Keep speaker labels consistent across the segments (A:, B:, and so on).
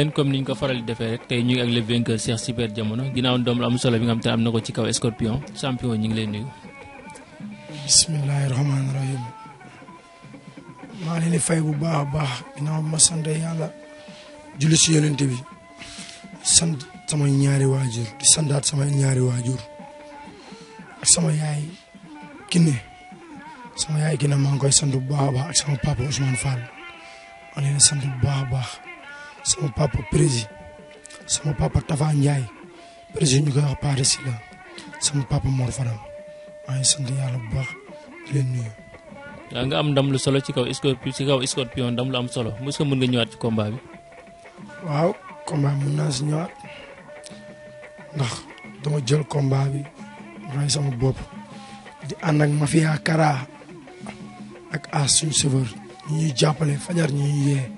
A: ben comme niñ ko faral di defee rek tay ñu ak le vainqueur Cheikh Super Jamono ginaaw ndom lu am solo bi nga xam te am nako ci kaw Scorpion champion ñi ngi lay nuyu
B: bismillahi rahmaani rahim maa leen di fay bu baax baax ginaaw ma sante yalla julli ci yonente bi sante sama ñaari wajur di santaat sama ñaari wajur ak sama yaay kinne sama yaay gina ma ngoy sante bu baax baax ak sama papa Ousmane Fall maa leen bu baax baax sama papa prési sama papa Tafa Ndiaye prési ñu koy wax Pade Sila sama papa Mor Fadam maa ngi yàlla bu baax leen nuyu.
A: waaw nga am ndam lu solo ci kaw scorpion ci kaw scorpion ndam lu am solo mos nga mën nga ñëwaat ci combat bi.
B: waaw combat bi mën naa si ñëwaat ndax dama jël combat bi ray sama bopp di ànd ak mafia Kara ak as suñu chauffeur ñi ñuy jàppale fajar ñi ñuy yee.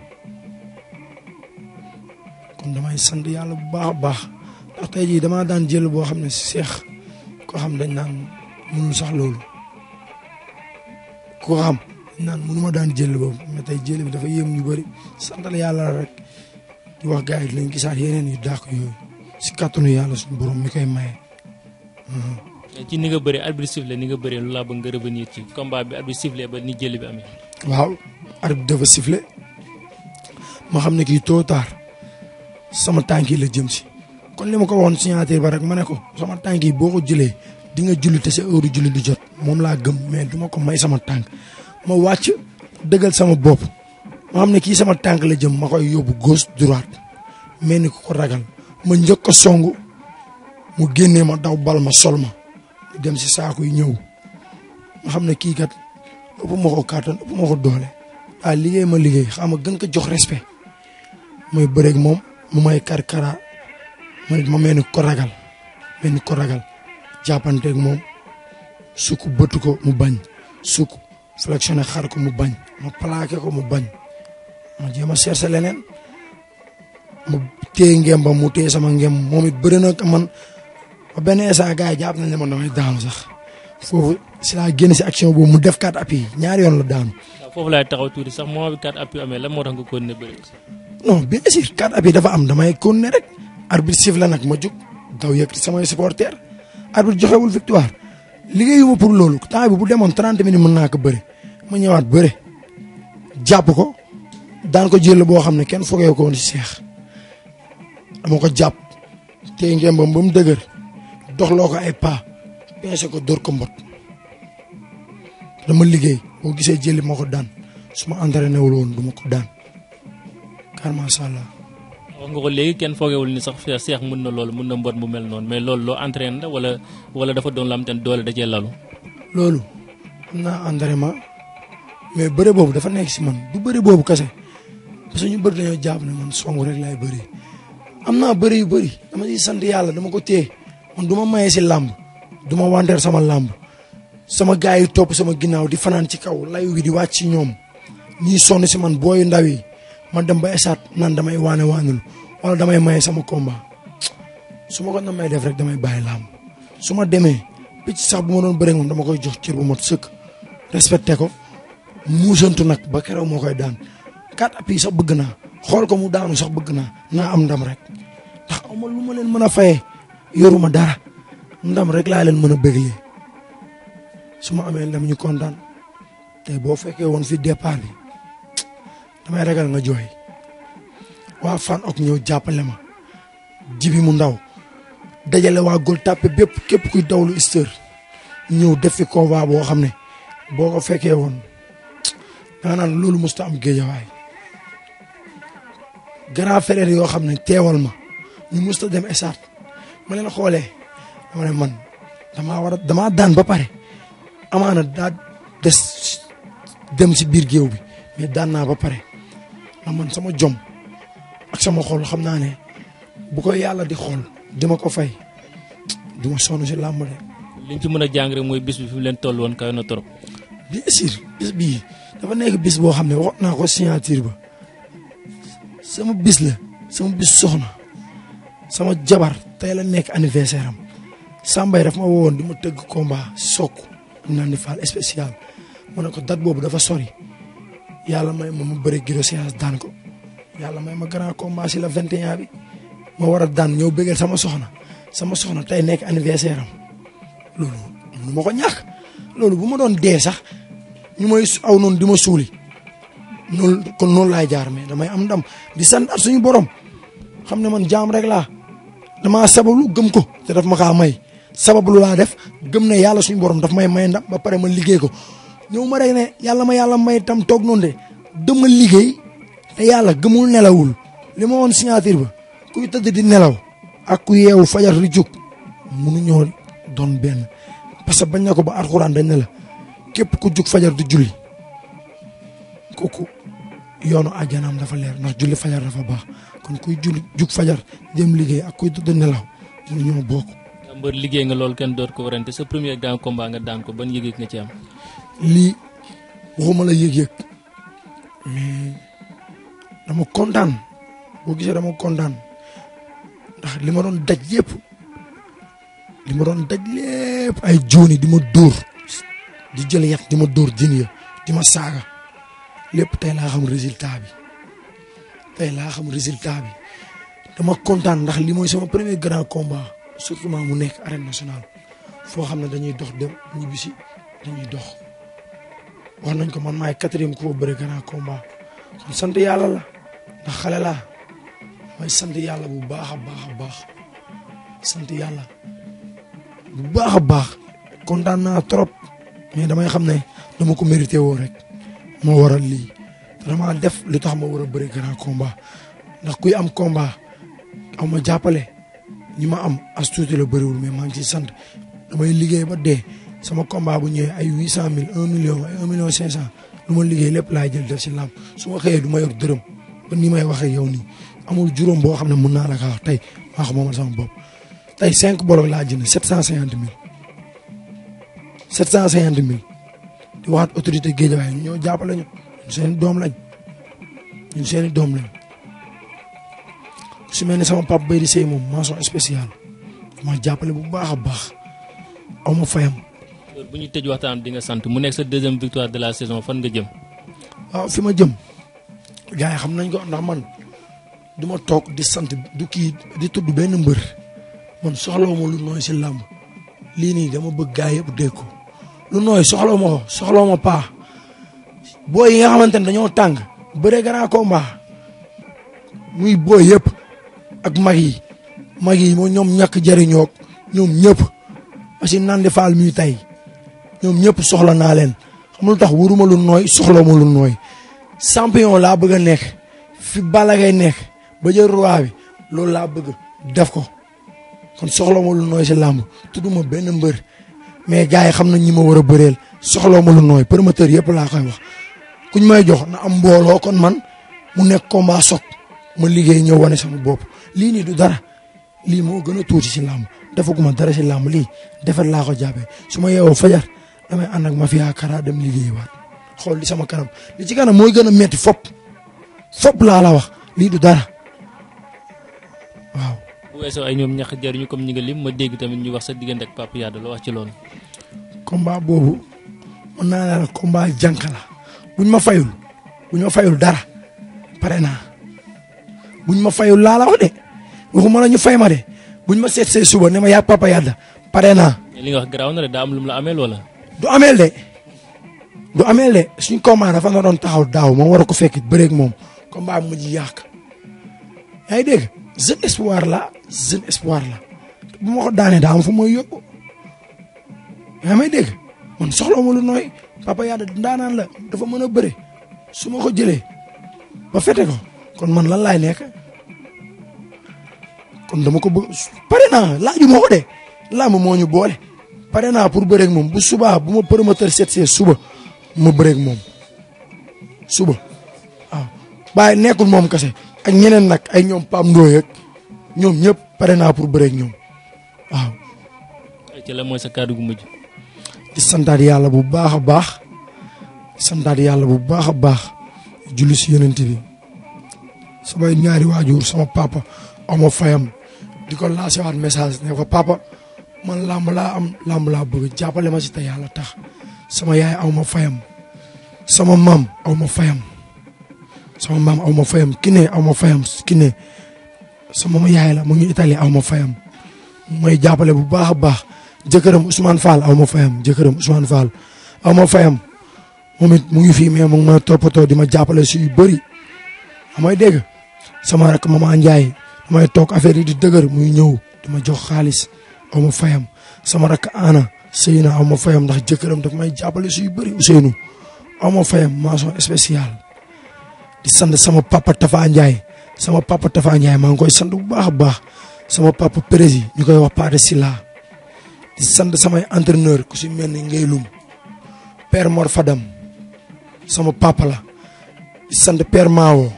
B: damay sant yalla bu baax baax ndax tay jii dama daan jël bo xam cheikh ko xam dañ nan mënu sax loolu ko xam nan mënu ma daan jël bo mais tay jël bi dafa yëm ñu bari santal yalla rek di wax gaay yi dinañ sax yeneen yu dàq yu ci katunu yalla suñu borom mi koy maye.
A: ci ni nga bëree arbitre sifflé ni nga bëree lu laa nga revenir ci combat bi arbitre sifflé ba ni jël bi amé
B: waaw arbitre dafa sifflé ma xamné ki tôt tard sama tànk yi la jëm si kon li ma ko waxoon signature ba rek ma ne ko sama tànk yi boo ko jëlee di nga julli te sa heure julli jot moom laa gëm mais du ma ko may sama tànk ma wàcc dëggal sama bopp ma xam ne kii sama tànk la jëm ma koy yóbbu gauche droite mais ni ko ko ragal ma njëkk ko songu mu génnee ma daw bal ma sol ma dem si saako yi ñëw ma xam ne kii kat ëpp ma ko kàttan ëpp ma ko doole. ah liggéey ma liggéey xam nga gën ko jox respect mooy bëreeg moom. mu may karkara ma ne ma mel ko ragal mel ni ko ragal jàppanteeg moom sukk bëtt ko mu bañ sukk flexionné xar ko mu bañ ma plaqué ko mu bañ ma jéem a cherché leneen mu téye ngem ba mu téye sama ngem moom it bëri na man ba benn instant gars yi jàpp nañ ne man damay daanu sax foofu si laa génn si action boobu mu def quatre appuis ñaari yoon la daanu.
A: foofu laay taxaw tuuti sax moment bi quatre moo tax
B: non bien sûr cadre abi dafa am damay conné rek arbitre siffle la nag ma juk daw yek sama supporter arbitre joxewul victoire liggéeyuma pour loolu temps bi bu démon 30 minutes mën na ko bëri ma ñëwaat bëri japp ko daan ko jël bo xamné ne kenn fogee ko won ci cheikh amoko japp té ngembam ba mu dëgër doxloo ko ay pas pensé ko dor ko mbot dama ligéy bo gisé jël mako daan suma entraîné wul won duma ko daan par mashallah
A: nga ko léegi kenn foogewul ni sax seex mën na loolu mën na mbot mu mel mais entraîne la wala wala dafa don lam doole da cee lalu
B: loolu am naa mais bëre boobu dafa nekk si man du bëre boobu kase parce ñu bëri dañoo jàpp ne man songu rek laay bëri am naa yu bëri dama ciy sant dama ko man maye sama làmb sama gars top sama ginnaaw di fanaan ci kaw lay wi di wàcc man boy ndaw yi man dem ba esaat nan damay waane waanul wala damay maye sama combat su ma ko na may def rek damay bàyyi laam su ma demee picc sax bu ma doon bëree moom dama koy jox cër bu mot sëkk respecté ko muusantu nag ba keroog moo koy daan quatre appuis sax bëgg naa xool ko mu daanu sax bëgg naa naa am ndam rek ndax aw ma lu ma leen mën a fayee yoruma dara ndam rek laa leen mën a béglee su ma amee ndam ñu kontaan te boo fekkee woon fi départ bi damay ragal nga jooy waa fan ok ñëw jàppale ma jibi mu ndaw dajale waa Gueule Tapée bépp képp kuy dawlu isteur ñëw def fi combat boo xam ne boo ko fekkee woon danga naan loolu musta am géejawaay grand frère yoo xam ne teewal ma ñu musta dem esat ma ne xoolee dama ne man damaa war damaa daan ba pare amaana daa des dem si biir géew bi mais daan naa ba pare ndax man sama jom ak sama xol xam naa ne bu ko yàlla di xool dima ko fay du ma sonn si làmb de.
A: li ñu ci mën a jàng mooy bis bi fi mu leen toll woon kawe na trop.
B: bien sûr bis bii dafa nekk bis boo xam ne wax naa ko signature ba sama bis la sama bis soxna sama jabar tey la nekk anniversaire am Sambay daf ma woowoon di ma tëgg combat sokk ñu naa ni faal spécial mu ko date boobu dafa sori. yalla may ma ma giro séance dan ko yalla may ma grand combat ci la 21 bi ma wara dan ñeu sama soxna sama soxna tay nek anniversaire am lulu mënu ma ko ñàkk loolu bu ma doon dee sax ñu moy aw non dima suli suuli noonu kon noonu laay jaar mais damay am ndam di sant at suñu borom xamne man jaam rek laa damaa sabablu gëm ko te daf ma ka may lu laa def gëm ne yalla suñu borom daf may may ndam ba pare ma liggé ko ñëw ma day ne yalla ma yalla may tam tok non de dama liggey te yalla gëmul nelawul li won signature ba kuy tedd di nelaw ak ku yewu fajar juk munu munuñoo don ben parce que bañ nako ba alcorane dañ ne la kep ku juk fajar du julli koku yoonu àjjanaam dafa leer ndax julli fajar dafa baax kon kuy julli juk fajar dem liggey ak kuy tedd nelaw ñoo bok
A: mbër liggéey nga lol ken dor ko warante sa premier grand combat nga dan ko ban yegge nga ci am.
B: lii waxuma la yëg-yëg mais dama kontaan boo gisee dama kontaan ndax li ma doon daj yëpp li doon daj ay jooni di ma dóor di jël yat di ma dóor jën ya di ma saaga lépp tey laa xam résultat bi tey laa xam résultat bi dama kontaan ndax li mooy sama premier grand combat surtout mu nekk arène nationale foo xam ne dañuy dox dem ñibbisi dañuy dox war nañ ko man maay quatrième ku ma bëri grand combat kon sant yàlla la ndax xale laa may sant yàlla bu baax a baax a baax sant yàlla bu baax a baax kontaan naa trop mais damay xam ne dama ko mérité woo moo waral lii vraiment def lu tax ma war a bëri grand komba ndax kuy am combat aw ma jàppale ñi ma am as tuuti la bëriwul mais maa ngi ciy sant damay liggéey ba dee. sama combat bu ñëwee ay huit cent mille un million ay un million cinq cent lu ma liggéey lépp laay jël def si làmb su ma xëyee du ma yor dërëm ba ni may waxee yow nii amul juróom boo xam ne mën naa la kaa wax tey maa ko moomal sama bopp tey cinq bolok laa jënd sept cent cinquante mille sept cent cinquante mille di waxaat autorité Guédiawaye ñu ñëw jàppale ñu ñun doom lañ ñun doom lañ su mel ne sama pap bay di sëy moom mention spéciale ma jàppale bu baax a baax aw ma fayam
A: Euh, bu ñu tëj waxtaan di nga sant mu nekk sa deuxième victoire de la saison fan nga jëm.
B: waaw fi ma jëm gars yi xam nañ ko ndax man duma toog di sant du kii di tudd benn mbër man soxlawu ma lu nooy si làmb lii nii dama bëgg gars yëpp dégg ko lu nooy soxlawu ma soxlawu ma paa booy yi nga xamante ne dañoo tàng bëre grand combat muy booy yëpp ak mag yi mag yi moom ñoom ñàkk jariñook ñoom ñëpp parce que naan di faal muy tey ñoom ñëpp soxla naa leen xam lu tax waruma lu nooy soxla ma lu nooy champion laa bëgg a nekk fi Balla Gaye nekk ba jël bi loolu laa bëgg def ko kon soxla ma lu nooy si làmb tudduma benn mbër mais gars yi xam nañ ñi ma war a bëreel soxla ma lu nooy promoteur yëpp laa koy wax kuñ may jox na am mbooloo kon man mu nekk ko combat soog ma liggéey ñëw wane sama bopp lii nii du dara lii moo gën a tuuti si làmb defaguma dara si làmb lii defar laa ko jàppee su damay ànd ak mafia kara dem liggéeyiwaat xool di sama kanam li ci kanam mooy gën a metti fop fop laa la wax lii du dara
A: waaw. bu weesoo ay ñoom ñax jariñu comme ñi nga lim ma dégg tamit ñu wax sa diggante ak Papa Yade la wax ci loolu.
B: combat boobu mën naa la combat jànk la buñ ma fayul buñ ma fayul dara pare naa buñ ma fayul laa la wax de waxuma la ñu fay ma de buñ ma seet see suba ne ma yaa Papa Yade pare naa.
A: li nga wax garaaw na de daa am la ameel wala.
B: du ameel de du ameel de suñ combat dafa nga doon taxaw daaw ma war a ko fekk bëreeg moom combat mujj yàq yaa ngi dégg jeune espoir la jeune espoir la bu ma ko daanee daa am fu may yóbbu yaa may dégg man soxla ma lu nooy papa yàlla ndaanaan la dafa mën a bëre su ma ko jëlee ba fete ko kon man lan laay nekk kon dama ko bëgg pare naa laaju ma ko de làmb moo ñu boole. pare naa pour bëreeg moom bu subaa bu ma promoteur seet see suba ma bëreek moom suba waaw bàyyi nekkul moom kese ak ñeneen nag ay ñoom Pam Ndoye ak ñoom ñëpp pare naa pour bëreeg ñoom waaw.
A: ci la mooy sa kàddu mujj.
B: di santaat yàlla bu baax a baax santaat yàlla bu baax a baax julli si yonent bi samay ñaari waajur sama papa ama fayam di ko lancer waat message ne ko man lamb la am lamb la bëgg jàppale ma si te yàlla tax sama yaay aw ma fayam sama mam aw ma fayam sama mam aw ma fayam kiné aw ma fayam kiné sama yaay la mu ngi Italie aw ma fayam may jàppale bu baax a baax jëkkëram Ousmane Fall aw ma fayam jëkkëram Ousmane Fall aw ma fayam momit it mu ngi fi mais mu ngi ma toppatoo di ma jàppale si yu bëri amay dégg sama rak mama Ndiaye damay toog affaire yi di dëgër muy ñëw di ma jox xaalis amu fayam sama rak ana seyna amu fayam ndax jëkkëram daf may jabalé suy bëri useynu amu fayam maçon spécial di sande sama papa tafa ndjay sama papa tafa ndjay ma ngoy sande bu baax baax sama papa prési ñukoy wax pa de sila di sande sama entraîneur ku ci melni père mor fadam sama papa la di sande père mawo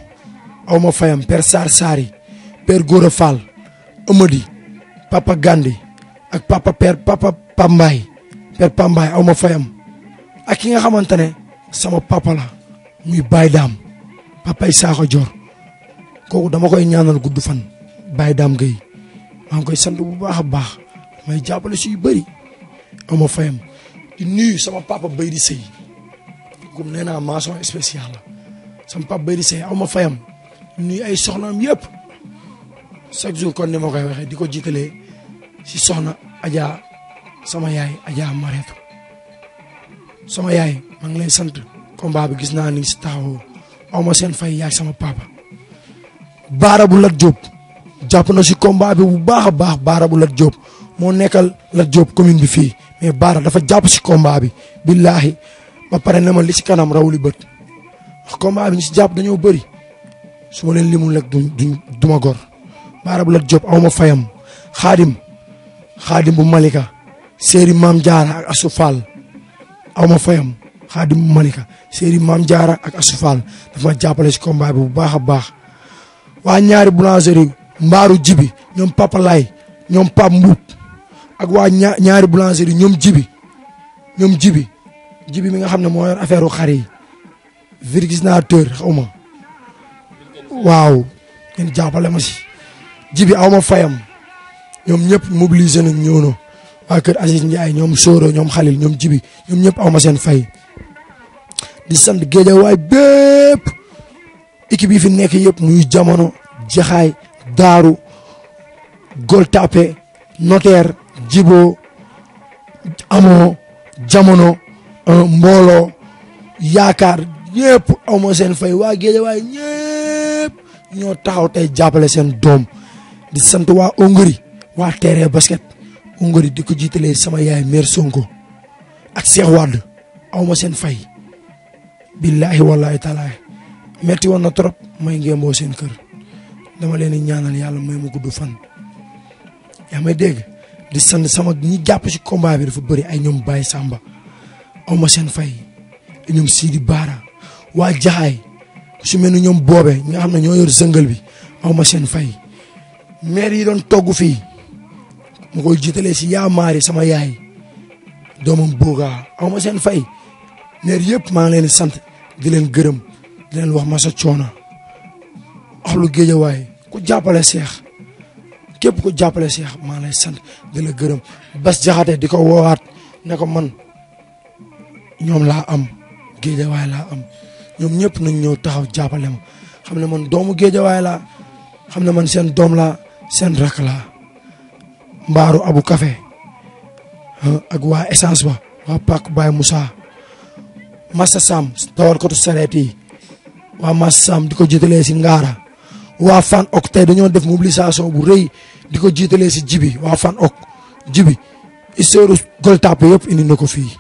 B: amu fayam père sar sari père umudi, amadi papa gandi ak papa père papa Pambaay père Pambaay aw ma fayam ak ki nga xamante ne sama papala la muy Baye Dame papa yi saako jor kooku dama koy ñaanal gudd fan Baye Dame Gueye maa ngi koy sant bu baax a baax may jàppale suy bëri aw ma fayam di nuyu sama papa bay di sëy comme nee naa maçon spécial la sama papa bay di aw ma fayam nuyu ay soxnaam yëpp chaque jour kon ni ma koy waxee di ko jiitalee. si soxna ajaa sama yaay Adja Mareetu sama yaay maa ngi lay sant combat bi gis naa ni si taxawoo aw ma seen fay yaay sama papa. Baara bu Lat Diop jàpp na si combat bi bu baax a baax Baara bu Lat Diop moo nekkal Lat Diop commune bi fii mais Baara dafa jàpp si combat bi billaahi ba pare ne ma li si kanam raw li bët ndax bi ñu si jàpp dañoo bari su ma leen limul rek duñ duñ du ma gor Baara bu Lat Diop aw fayam xaadim khadim bu Malika seri mam jara ak Asu Fall fayam khadim bu Malika seri mam jara ak Asu Fall dafa jappale ci combat bu baakha baax ñaari boulangerie mbaru jibi ñom Papa Lay ñom Pap Mbuub ak wa ñaari boulangerie ñom jibi ñom jibi jibi mi nga xamne mo yor affaireu xari virginateur xawma waaw ñu jappale ma ci jibi awma fayam ñoom ñëpp mobilisé nañ ñëw na waa kër Aziz Ndiaye ñoom sooro ñoom Khalil ñoom Jibi ñoom ñëpp aw ma seen fay. di sant géejawaay bépp équipe yi fi nekk yëpp muy jamono jaxaay daaru goltape notaire jibo amoo jamono euh, mbooloo yaakaar yëpp amoo seen fay waa géejawaay ñëpp ñoo taxaw tey jàppale seen doom di sant waa Hongrie waa terrain basket Ungari di ko jiitalee sama yaay mère Sonko ak Cheikh Wade awma seen fay. billaahi wallaahi taalaa metti woon na trop may ngémboo seen kër dama leen ñaanal yàlla may ma gudd fan. yaa ma dégg di sant sama ñi jàpp si combat bi bari ay ñoom Baye sàmba aw ma seen fay ñoom Sidi Baara waa Jaxaay su mel ni ñoom boobe ñi nga xam ne ñoo yor sëngal bi aw ma seen fay maire yi doon togg fii. mu koy jiitalee si yaa maari sama yaay doomam boogaa aw ma seen fay neer yëpp maa ngi sant di leen gërëm di leen wax ma sa coona axlu géejawaay ku jàppale seex képp ku jàppale seex maa lay sant di la gërëm bas jaxate di ko woowaat ne ko man ñoom laa am géejawaay laa am ñoom ñëpp nañ ñëw taxaw jàppale ma xam ne man doomu géejawaay laa xam ne man seen doom laa seen rakk mbaaru abu café ak waa essence ba waa pak Baye Moussa Massa Sam dawal ko tu sareet yi waa Massa Sam di ko jiitalee si Ngaara Fan ok tey dañoo def mobilisation bu rëy di ko jiitalee si jibi waa Fan ok jibi histoire goltape yëpp indi na ko fii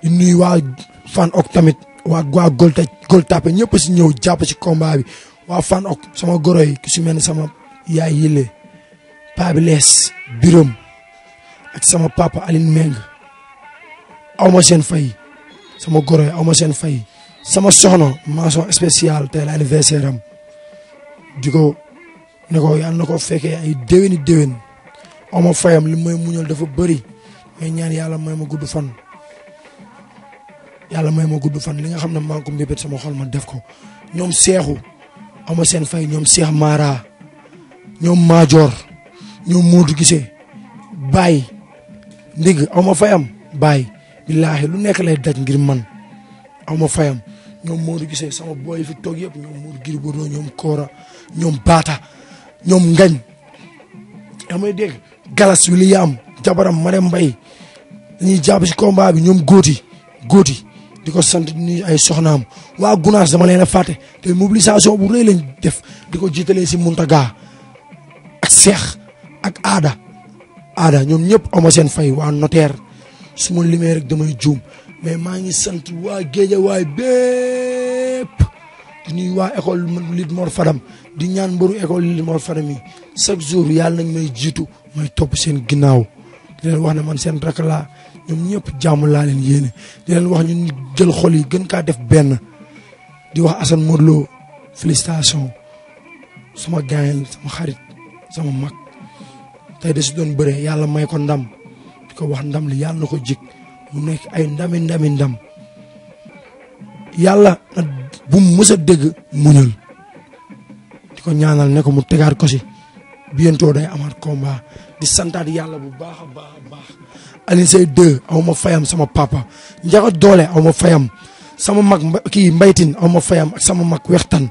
B: di nuy waa Fan ok tamit waa waa golta goltape ñëpp si ñëw jàpp ci combat bi waa Fan ok sama goro yi ki su sama yaay yile paa bi ak sama papa Aline Meng aw ma seen fay sama goro aw seen fay sama soxna mention spéciale te la anniversaire am di ko ne na ko fekkee ay déwéni déwén aw ma fayam li may muñal dafa bari may ñaan yàlla may ma gudd fan yàlla may ma gudd fan li nga xam ne maa ngi sama xol ma def ko ñoom seexu aw ma seen fay ñoom seex Mara ñoom Maajoor ñoom Modou gisee bàyyi ndig aw ma fayam bàyyi billaahi lu nekk lay daj ngir man awma ma fayam ñoom Modou gisee sama booy fi toog yëpp ñoom Modou Gris Bordeaux ñoom Kora ñoom Baata ñoom Ngañ damay dégg Galas William jabaram Marème Mbaye dañuy jàpp si combat bi ñoom góoti góoti di ko sant ni ay soxnaam waa Gunaas dama leen a fàtte te mobilisation bu rëy lañ def di ko jiitalee si Muntaga a Cheikh ak ada ada ñom ñep amo sen fay wa notaire suma ma rek damay joom mais ma ngi sant waa géejawaay bépp di nuyu wa école lit mor fadam di ñaan mburu école lit mor fadam yi chaque jour yalla nañ may jitu may top sen ginaaw di leen wax na man sen rak laa ñoom ñëpp jàmm laa leen di wax ñun jël xol yi gën ka def ben di wax Assane modlo félicitations sama gaañal sama xarit sama mak tay da doon beure yalla may ko ndam ko wax ndam li yalla na ko jig mu nek ay ndam ndam ndam yalla na bu mu mës muñul di ñaanal ne ko mu ko si bientôt day amat combat di santat yalla bu bah bah baax alin sey deux awma fayam sama papa njaxa dole awma fayam sama mak ki mbaytin awma ma fayam ak sama mak wextan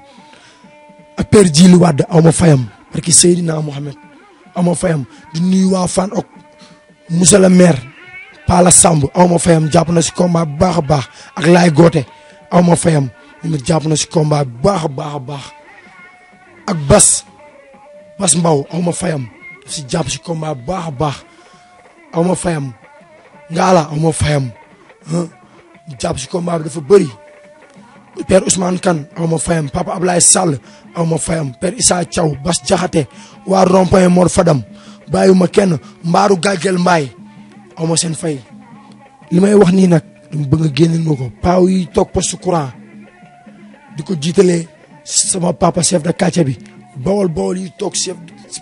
B: ak père Djili wad awma fayam barki que Muhammad. ama fayam di nuyu waa ok monsieur le maire Pala Samb ama fayam jàpp na si combat bu baax a baax ak laay goote ama fayam moom it na si combat bu baax a baax a baax ak bas bas mbaw ama fayam si jàpp si combat bu baax a baax ama fayam ngaala ama fayam jàpp si combat bi dafa bëri père Ousmane kan aw fayam papa Ablaye Sall aw ma fayam père Issa Thiaw Bas jahate wa rond Mor Fadam bayuma kenn mbaru gagel mbay aw ma seen fay limay wax ni nak dama bëgg moko paw yi tok poste courant diko sama papa chef de quartier bi bawol bawol yi tok chef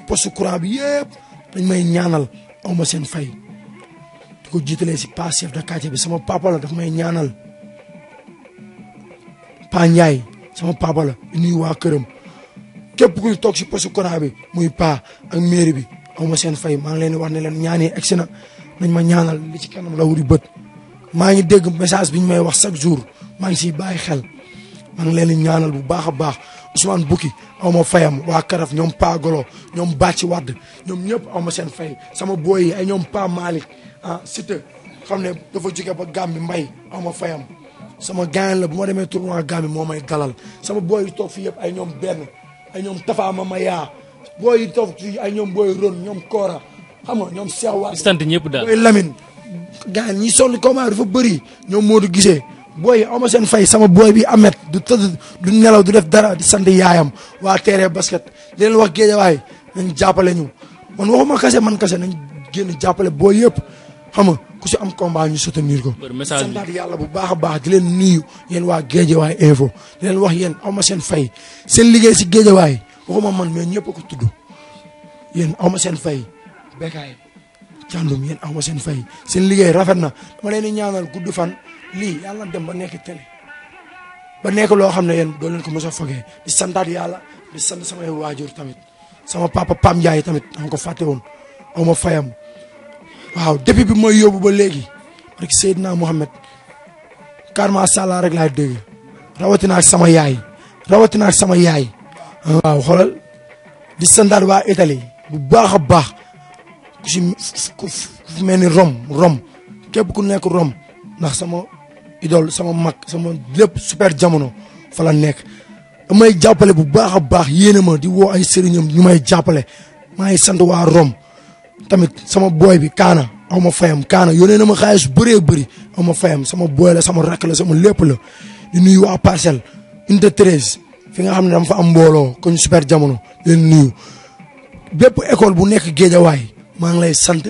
B: poste courant bi yeb dañ may ñaanal aw ma seen fay diko ci pas chef de quartier bi sama papa la daf may ñaanal paa Ndiaye sama papa la di nuyu waa këram képp kuy toog si poste courant bi muy pa ak mairie bi aw ma seen fay maa ngi leen wax ne leen ñaani egg si na nañ ma ñaanal li ci kanam la wuri bët maa ngi dégg message bi ñu may wax chaque jour maa ngi siy bàyyi xel maa ngi leen ñaanal bu baax a baax Ousmane Bouki aw ma fayam waa Karaf ñoom Pa Golo ñoom ci Wadd ñoom ñëpp aw ma seen fay sama booy yi ay ñoom Pa Malick ah Cité xam ne dafa jóge ba Gàmbi mbay aw ma fayam. sama gaañ la bu ma demee tournoi Gambie moo may dalal sama booy yu toog fii yëpp ay ñoom benn ay ñoom tafaama ma yaa booy yu toog fii ay ñoom booy ron ñoom koora xam nga ñoom Cheikh Wade sant ñëpp daal booy Lamine gaañ ñi sonn combat dafa bëri ñoom moo du gisee booy ama seen fay sama booy bi amet du tëdd du nelaw du def dara di sant yaayam waa teere basket di leen wax géejawaay nañ jàppale ñu man waxuma kase man kase nañ génn jàppale booy yëpp xam nga ku si am combat ñu soutenir ko. santaat yàlla bu baax baax di leen nii yéen waa Géejawaay info di leen wax yéen aw ma seen fay seen liggéey si Géejawaay waxuma man mais ñëpp ko tudd yéen aw ma seen fay Bécaye Thiandoum yéen ma seen fay seen liggéey rafet na dama leen di ñaanal gudd fan lii yàlla dem ba nekk télé ba nekk loo xam ne yéen doo leen ko mos a fogee di santaat yàlla di sant samay waajur tamit sama papa Pam Ndiaye tamit dama ko fàtte woon ma fayam. waaw depuis bi may yóbbu ba léegi rek Seydina Mohamed kar ma sàllaa rek laay dégg rawatina ak sama yaay rawatina ak sama yaay. waaw di sandaat waa Italie bu baax a baax ku si ku mel ni Rome Rome képp ku nekk Rome ndax sama idole sama mag sama lépp super jamono fa la nekk. damay jàppale bu baax a baax yéene ma di woo ay sëriñam ñu may jàppale maa ngi sant waa Rome. tamit sama booy bi kaana awma ma fayam kaana yónnee na ma xaalis bëree bëri aw ma fayam sama booy la sama rakk la sama lépp la di nuyu waa parcelle unité 13 fi nga xam ne dama fa am mbooloo koñ super jamono leen nuyu bépp école bu nekk géejawaay maa ngi lay sant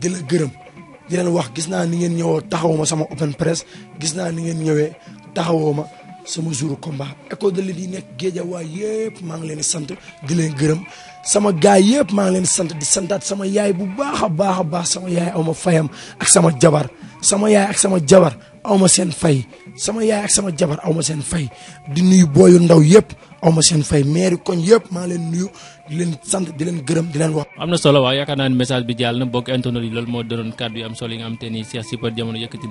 B: di la gërëm di leen wax gis naa ni ngeen ñëwoo taxawoo ma sama open press gis naa ni ngeen ñëwee taxawoo ma sama jour komba école de lutte yi nekk waay yëpp maa ngi leen di sant di leen gërëm sama gaay yëpp maa ngi leen di sant di santaat sama yaay bu baax a baax a baax sama yaay aw ma fayam ak sama jabar sama yaay ak sama jabar aw ma seen fay sama yaay ak sama jabar aw ma seen fay di nuyu booyu ndaw yëpp aw ma seen fay maire koñ yëpp maa ngi leen nuyu di leen gërëm di leen wax.
A: am na solo waaw yaakaar naa message bi jàll na bokk internet yi loolu moo doon kàddu yi am solo yi nga am solo yëkkati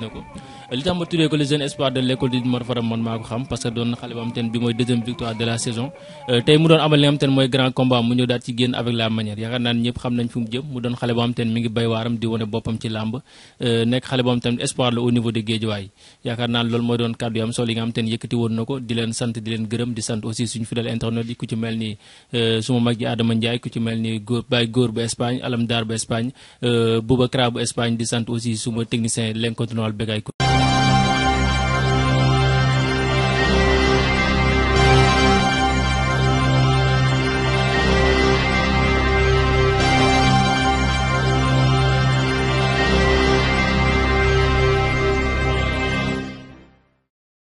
A: woon na ko di leen sant di leen gërëm di sant aussi suñu fidèle internet yi ku ci mel ni euh, suma mag ji Adama Ndiaye ku ci mel ni góor Baye góor bu Espagne Alam Dar bu Espagne euh, Boubacar bu Espagne di sant aussi suma technicien l'incontournable Begay